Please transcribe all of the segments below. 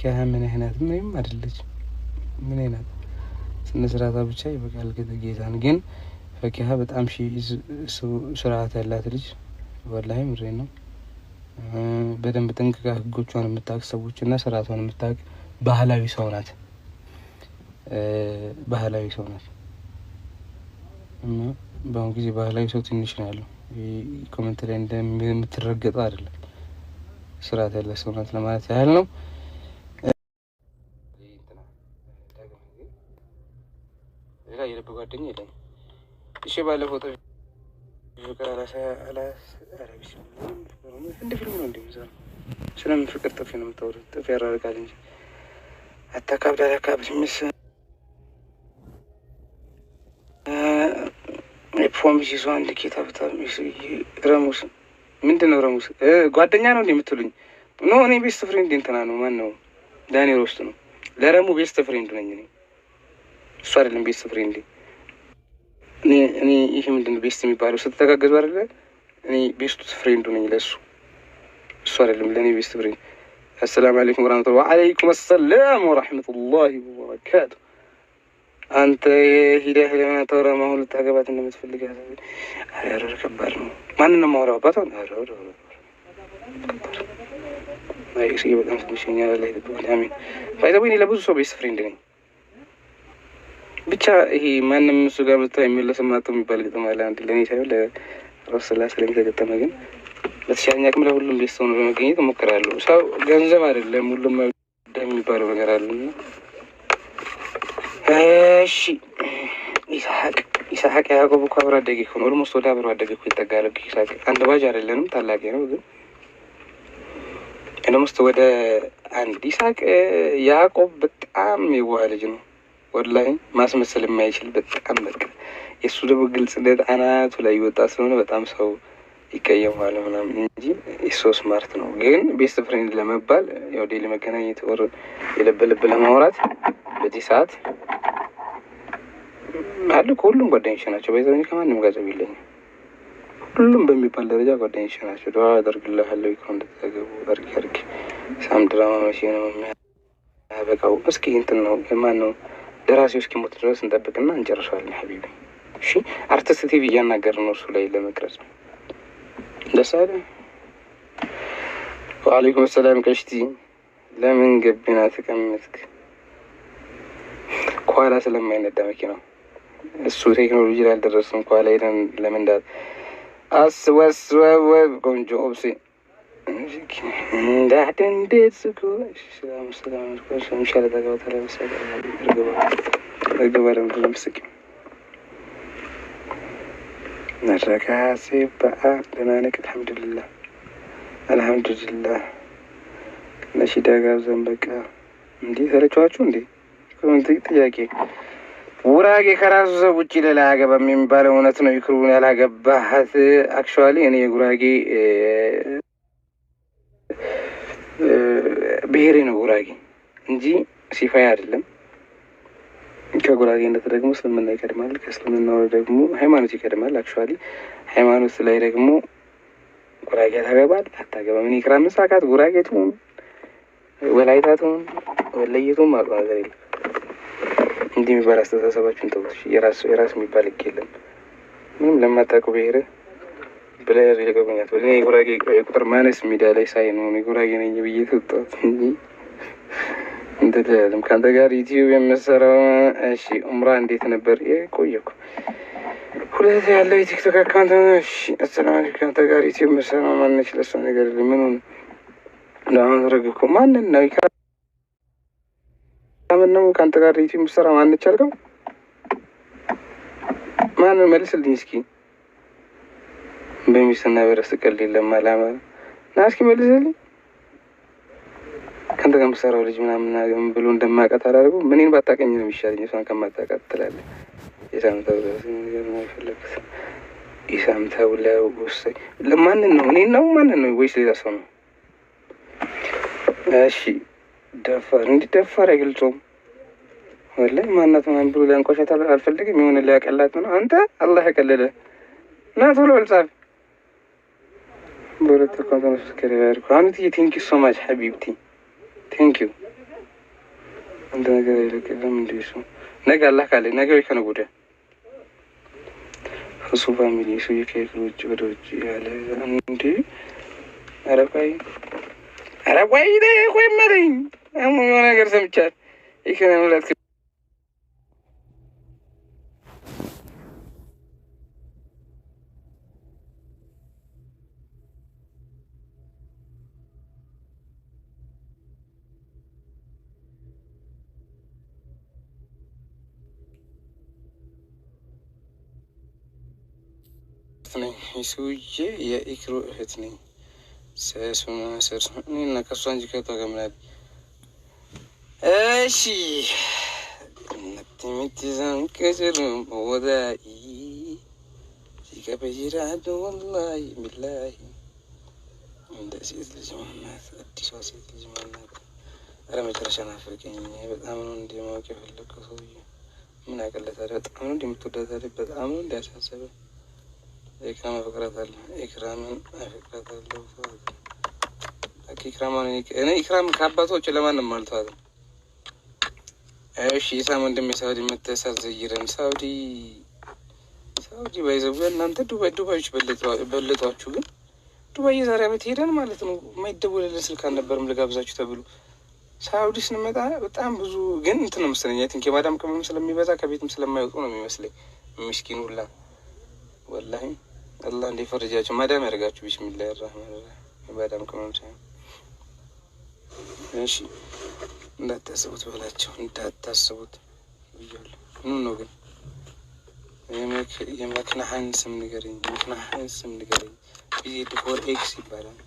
ኪያ ምን አይነት ምንም አይደለች። ምን አይነት ስነ ስርዓታ ብቻ ይበቃል። ጌታን ግን ፈኪያ በጣም ስርዓት ያላት ልጅ ወላሂ ምሬ ነው። በደንብ ጥንቅቃ ህጎቿን የምታውቅ ሰዎች እና ስርዓቷን የምታውቅ ባህላዊ ሰው ናት። ባህላዊ ሰው ናት እና በአሁኑ ጊዜ ባህላዊ ሰው ትንሽ ነው ያለው። ኮመንት ላይ እንደምትረገጠው አይደለም። ስርዓት ያላት ሰው ናት ለማለት ያህል ነው። ባለ ፎቶ ፍቅር እንደ ፊልም ነው እንደሚሰራ ስለምን ፍቅር ጥፊ ነው የምታወሩት? ጥፊ ያራርቃል እንጂ አታካብድ አታካብድ ምስ ፖምጅ ይዞ አንድ ጌታ በጣም ረሙስ ምንድን ነው ረሙስ ጓደኛ ነው የምትሉኝ? ኖ እኔ ቤስት ፍሬንድ እንትና ነው ማን ነው ዳንኤል ውስጥ ነው ለረሙ ቤስት ፍሬንድ ነኝ እኔ እሱ አይደለም ቤስት ፍሬንድ እኔ ይሄ ምንድን ነው ቤስት የሚባለው ስትተጋገዙ አይደለ? እኔ ቤስቱ ፍሬንዱ ነኝ ለእሱ፣ እሱ አይደለም ለእኔ ቤስት ፍሬንድ። አሰላሙ አለይኩም ወራህመቱላ ወአለይኩም አሰላም ወራህመቱላሂ ወበረካቱ። አንተ ሂደህ ለምን አታወራም? አሁን ልታገባት እንደምትፈልግ አረ ከባድ ነው። ማንን ነው የማወራው? አባት ሆነ በጣም ትንሽ ላ ለብዙ ሰው ቤስት ፍሬንድ ነኝ ብቻ ይሄ ማንም እሱ ጋር መጥቶ የሚመለስም ማቶ የሚባል ግጥም አለ። አንድ ለእኔ ሳይሆን ለራሱ ስላ ስለሚተገጠመ ግን በተሻለኝ አቅም ለሁሉም ቤት ሰው ነው በመገኘት እሞክራለሁ። ሰው ገንዘብ አይደለም ሁሉም መደ የሚባለው ነገር አለ። እሺ ይስሐቅ ይስሐቅ ያዕቆብ እኮ አብሮ አደገ ሆነ ኦልሞስት ወደ አብሮ አደገ እኮ ይጠጋለ። ይስሐቅ አንድ ባጅ አይደለንም ታላቅ ነው ግን ኦልሞስት ወደ አንድ ይስሐቅ ያዕቆብ በጣም የዋህ ልጅ ነው። ኦንላይን ማስመሰል የማይችል በጣም በቃ የእሱ ደግሞ ግልጽነት አናቱ ላይ ይወጣ ስለሆነ በጣም ሰው ይቀየማል ምናምን እንጂ የሰው ስማርት ነው። ግን ቤስት ፍሬንድ ለመባል ያው ዴይሊ መገናኘት ወር የለበለብ ለማውራት በዚህ ሰዓት አሉ ከሁሉም ጓደኞች ናቸው። በዛ ከማንም ጋዘብ የለኝም። ሁሉም በሚባል ደረጃ ጓደኞች ናቸው። ደ አደርግልሃለሁ እኮ እንደተዘገቡ አድርጊ አድርጊ ሳም ድራማ መቼ ነው የሚያበቃው? እስኪ እንትን ነው የማን ነው ደራሲው እስኪሞት ድረስ እንጠብቅና እንጨርሰዋለን። ሀቢቢ እሺ፣ አርቲስት ቲቪ እያናገር ነው እሱ ላይ ለመቅረጽ ደስ አለ። ዋአሌይኩም ሰላም። ቀሽቲ ለምን ገቢና ተቀመጥክ? ከኋላ ስለማይነዳ መኪናው እሱ ቴክኖሎጂ ላይ አልደረስም። ከኋላ ሄደን ለመንዳት ቆንጆ ኦብሴ ነረካሴ ጥያቄ ውራጌ ከራሱ ሰው ውጭ ሌላ አያገባም የሚባለው እውነት ነው። ይክሩን ያላገባህ አክቹዋሊ እኔ ጉራጌ ብሔሬ ነው ጉራጌ እንጂ ሲፋይ አይደለም። ከጉራጌነት ደግሞ እስልምና ይቀድማል። ከእስልምና ደግሞ ሃይማኖት ይቀድማል። አክቹዋሊ ሃይማኖት ላይ ደግሞ ጉራጌ ታገባል አታገባም። እኔ ክራም ሳካት ጉራጌ ትሁን ወላይታ ትሁን ወለየቱም አሉ ነገር የለም። እንዲህ የሚባል አስተሳሰባችን ተውት። የራሱ የሚባል ህግ የለም። ምንም ለማታውቀው ብሔርህ በላይ ተቀበኛት እኔ የጉራጌ ቁጥር ማነስ ላይ ሳይ ነው የጉራጌ ነኝ ብዬ ተወጣት እንጂ ከአንተ ጋር ዩቲዩብ የምሰራው እሺ። ኡምራ እንዴት ነበር? ቆየኩ ሁለት ያለው የቲክቶክ አካውንት እሺ። አሰላም አለይኩም ከአንተ ጋር ዩቲዩብ የምሰራው ማነች? ለሷ ነገር ሆነ ለአሁን ማንን ነው ምን ነው ከአንተ ጋር ዩቲዩብ የምሰራው ማነች? አልከው ማንን መልስልኝ እስኪ በሚስትና በረስቀል የለም አላማ ና እስኪ መልስልኝ። ከንተ ጋር የምትሰራው ልጅ ምናምን ብሎ እንደማውቃት አላደርገው ምንን ባታውቀኝ ነው የሚሻለኝ፣ እሷን ከማታውቃት ትላለህ። የሳምተው ለወሰኝ ለማንን ነው? እኔን ነው ማንን ነው? ወይስ ሌላ ሰው ነው? እሺ ደፋር እንዲህ ደፋር አይገልጾም። ወላሂ ማናት ምናምን ብሎ ሊያንቋሻት አልፈልግም። የሆነ ሊያቀላት ነው አንተ አላህ ያቀለለ ና ቶሎ ልጻፍ ቴንክ ዩ ሶ ማች ሀቢብቲ ቴንክ ዩ። አንድ ነገር አይለቅም። እንዲ ነገ አላህ ካለ ነገ ወይ ከነገ ወዲያ እሱ ፋሚሊ ሰው ከየት ውጭ ወደ ውጭ ያለ እንዲ አረቋይ አረቋይ ቆይ መለኝ የሆነ ነገር ሰምቻል ይከነ እህት ነኝ። የሰውዬ የኢክሮ እህት ነኝ። ሰሱማ ሰሱማ እኔና ከሷ እንጂ ከቷ ገምናል። እሺ ነትሚትዛን ከጀሉም ወዳኢ ሲቀበይራዶ ወላሂ ቢላሂ እንደ ሴት ልጅ ማናት? አዲሷ ሴት ልጅ ማናት? ኧረ መጨረሻ ናፈቀኝ። በጣም ነው እንደ ማወቅ የፈለግከው ሰውዬ ምን አቀለታለህ? በጣም ነው እንደምትወዳታለህ። በጣም ነው እንዳያሳሰበ ኢክራም አፈቅራታለሁ። ኢክራምን አፈቅራታለሁ። እኔ ኢክራም ከአባቶች ለማንም አልተዋትም። እሺ ኢሳም ወንድሜ ሳውዲ መተሳት ዘይረን ሳውዲ ሳውዲ ባይዘቡ እናንተ ዱባይ ዱባዮች በለጧችሁ። ግን ዱባይ የዛሬ አመት ሄደን ማለት ነው የማይደወልልን ስልክ አልነበርም ልጋብዛችሁ ተብሎ ሳውዲ ስንመጣ በጣም ብዙ ግን እንትን ነው መሰለኝ አይ ቲንክ የማዳም ቅመም ስለሚበዛ ከቤትም ስለማይወጡ ነው የሚመስለኝ ምስኪን ሁላ ወላሂ አላህ እንዴ ፈረጃቸው ማዳም ያደርጋችሁ። ቢስሚላ ራህማን ራህም ማዳም ቅመም ሳይሆን እሺ፣ እንዳታስቡት በላቸው፣ እንዳታስቡት ብያለሁ። ምን ነው ግን የመክናሀን ስም ንገረኝ፣ የመክናሀን ስም ንገረኝ ብዬ ድፎር ኤክስ ይባላል።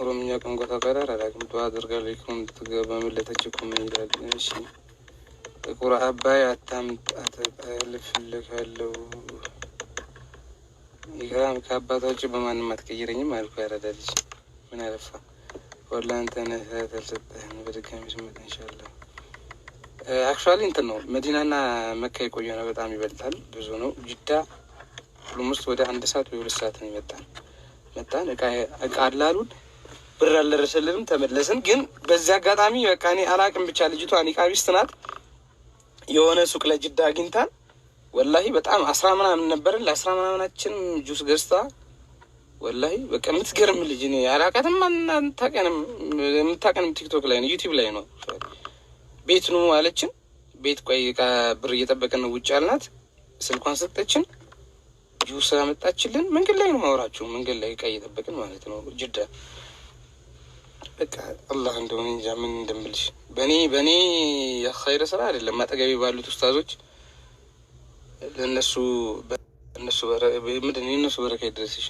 ኦሮምኛ ቋንቋ ተቀራር አላውቅም። ዱዓ አደርጋለሁ እኮ እንድትገባ መለጠች እኮ ምን ይላል? እሺ ጥቁር አባይ አታምጣ ተጠልፍልካለሁ ከአባቷ ውጭ በማንም አትቀይረኝም አልኩ። ያረዳ ልጅ ምን አለፋ ወላንተ ነህ ተልሰጠህን በድጋሚ ስመት እንሻለ አክቹዋሊ እንትን ነው መዲናና መካ የቆየ ነው። በጣም ይበልጣል፣ ብዙ ነው። ጅዳ ሁሉም ውስጥ ወደ አንድ ሰዓት ወይ ሁለት ሰዓት ነው ይመጣል። መጣን እቃ አላሉን፣ ብር አልደረሰልንም፣ ተመለስን። ግን በዚህ አጋጣሚ በቃ እኔ አላቅም ብቻ ልጅቷ ኒቃቢስት ናት የሆነ ሱቅ ለጅዳ አግኝታል ወላሂ በጣም አስራ ምናምን ነበርን። ለአስራ ምናምናችን ጁስ ገዝታ ወላሂ በቃ የምትገርም ልጅ እኔ አላውቃትም። አናታቀንም የምታቀንም ቲክቶክ ላይ ነው ዩቲብ ላይ ነው። ቤት ኑ አለችን። ቤት ቆይ ብር ነው ውጭ አልናት። ስልኳን ሰጠችን። ጁስ አመጣችልን። መንገድ ላይ ነው ማውራችሁ፣ መንገድ ላይ እቃ እየጠበቅን ማለት ነው ጅዳ በቃ አላህ እንደሆነ እንጃ ምን እንደምልሽ። በእኔ በእኔ የኸይረ ስራ አይደለም አጠገቤ ባሉት ኡስታዞች ለእነሱ እነሱ ምንድን የእነሱ በረካ ይድረስሽ።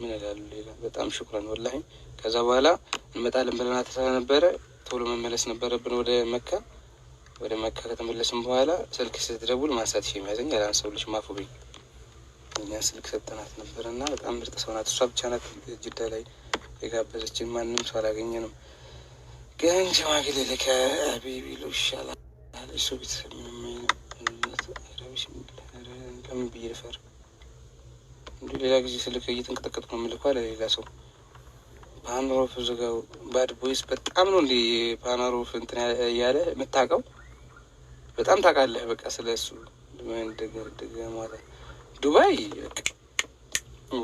ምን እላለሁ ሌላ በጣም ሽኩረን ወላሂ። ከዛ በኋላ እንመጣለን ብለናት ነበረ። ቶሎ መመለስ ነበረብን ወደ መካ። ወደ መካ ከተመለስን በኋላ ስልክ ስትደውል ማንሳት ሽ የሚያዘኝ ሰው ልጅ ማፉብኝ እኛ ስልክ ሰጠናት ነበረ እና በጣም ምርጥ ሰው ናት። እሷ ብቻ ናት ጅዳ ላይ የጋበዘችን። ማንም ሰው አላገኘንም። ግን ሽማግሌ ልከ ቢቢሉ ይሻላል እሱ ቤተሰብ ምንም ለምን ብዬ ልፈር? እንዲ ሌላ ጊዜ ስልክ እየተንቀጠቀጥኩ ነው ምልኳ ለሌላ ሰው ፓናሮፍ ዘጋው ባድ ቦይስ በጣም ነው እንዲ ፓናሮፍ እንትን እያለ የምታውቀው በጣም ታውቃለህ። በቃ ስለ እሱ ደገ ማለት ዱባይ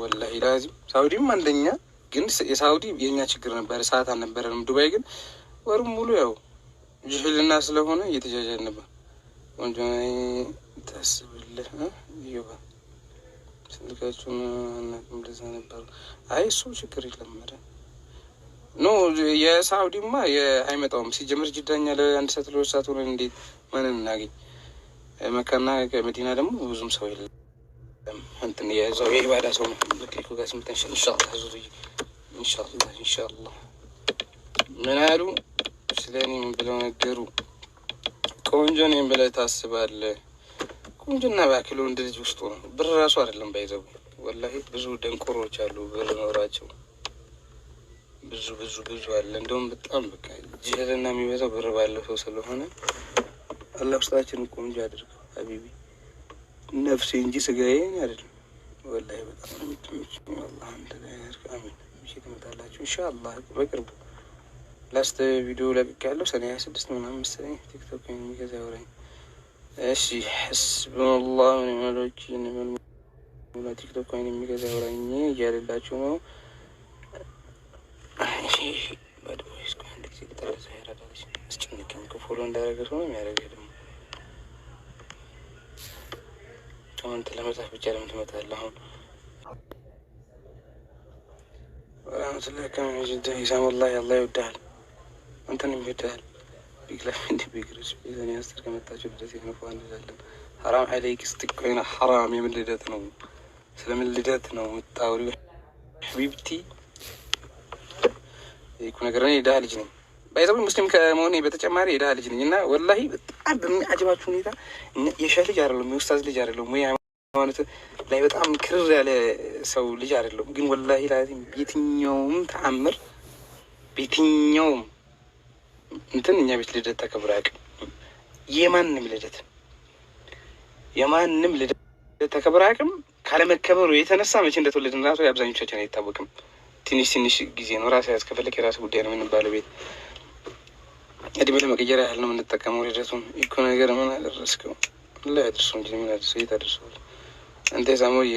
ወላሂ ላዚም ሳውዲም አንደኛ፣ ግን የሳውዲ የእኛ ችግር ነበር፣ ሰዓት አልነበረንም። ዱባይ ግን ወሩም ሙሉ ያው ጅህልና ስለሆነ እየተጃጃል ነበር ቆንጆ ታስብልህ እዩባ ስልካችሁን አናውቅም። እንደዛ ነበር። አይ እሱ ችግር የለም። ኖ የሳውዲማ አይመጣውም። ሲጀምር ጅዳኛ ለአንድ ሰዓት ለሁለት ሰዓት ሆነ። እንዴት ማንን እናገኝ? መካና መዲና ደግሞ ብዙም ሰው የለም። እንትን የዛው የኢባዳ ሰው ነው። ልክሪኩ ጋር ስምታ እንሻላ ዙ እንሻላ እንሻላ ምን አሉ ስለ እኔም ብለው ነገሩ። ቆንጆ እኔም ብለህ ታስባለህ ቁንጅና እባክህ ወንድ ልጅ ውስጡ ነው። ብር ራሱ አይደለም ባይዘው ወላሂ ብዙ ደንቆሮች አሉ። ብር ኖራቸው ብዙ ብዙ ብዙ አለ። እንደውም በጣም በቃ ጅህልና የሚበዛው ብር ባለው ሰው ስለሆነ አላህ ውስጣችን ቆንጆ አድርገው ሀቢቢ ነፍሴ እንጂ ስጋዬ አይደለም። ወላሂ በጣም አንተ አሚን። ምሽት ትመጣላችሁ ኢንሻአላህ በቅርቡ ላስት ቪዲዮ ለቅቄያለሁ ሰኔ ሀያ ስድስት ምናምን መሰለኝ ቲክቶክ የሚገዛ ይወረኝ እሺ ሐስቡናላህ ወኒዕመል ወኪል መልሙላ ቲክቶክ ኮይን የሚገዛ ወራኝ እያለላችሁ ነው። እሺ እንዳደረገ ሰሆነ የሚያደረገ ደግሞ አንተ ለመጻፍ ብቻ ለምን ትመጣለህ? አሁን ወራምስላ ከሚጅዳ ሂሳሙላህ አላህ ይወዳሃል፣ አንተንም ይወዳሃል። ቢክላሚን ቢግሪሽ ሚዛን ያስር ከመጣችሁ ልደት ሀራም አለይክ ሀራም የምን ልደት ነው? ስለምን ልደት ነው ምታውሪ? ቢብቲ ይኩ ነገር እኔ ልጅ ነኝ። ባይዘቡ ሙስሊም ከመሆኔ በተጨማሪ የድሀ ልጅ ነኝ እና ወላሂ በጣም በሚያጅባችሁ ሁኔታ የሸህ ልጅ አይደለም፣ የኡስታዝ ልጅ አይደለም፣ ወይ ሃይማኖት ላይ በጣም ክርር ያለ ሰው ልጅ አይደለም። ግን ወላሂ የትኛውም ተአምር ቤትኛውም እንትን እኛ ቤት ልደት ተከብሮ አያውቅም። የማንም ልደት የማንም ልደት ተከብሮ አያውቅም። ካለመከበሩ የተነሳ መቼ እንደተወለድን ራሱ የአብዛኞቻችን አይታወቅም። ትንሽ ትንሽ ጊዜ ነው። ራስ ያስከፈለክ የራስ ጉዳይ ነው የምንባለው። ቤት እድሜ ለመቀየር ያህል ነው የምንጠቀመው። ልደቱን እኮ ነገር ምን አደረስከው? ላይ አድርሶ እንጂ ምን አድርሶ የት አድርሶ አንተ ዛሞዬ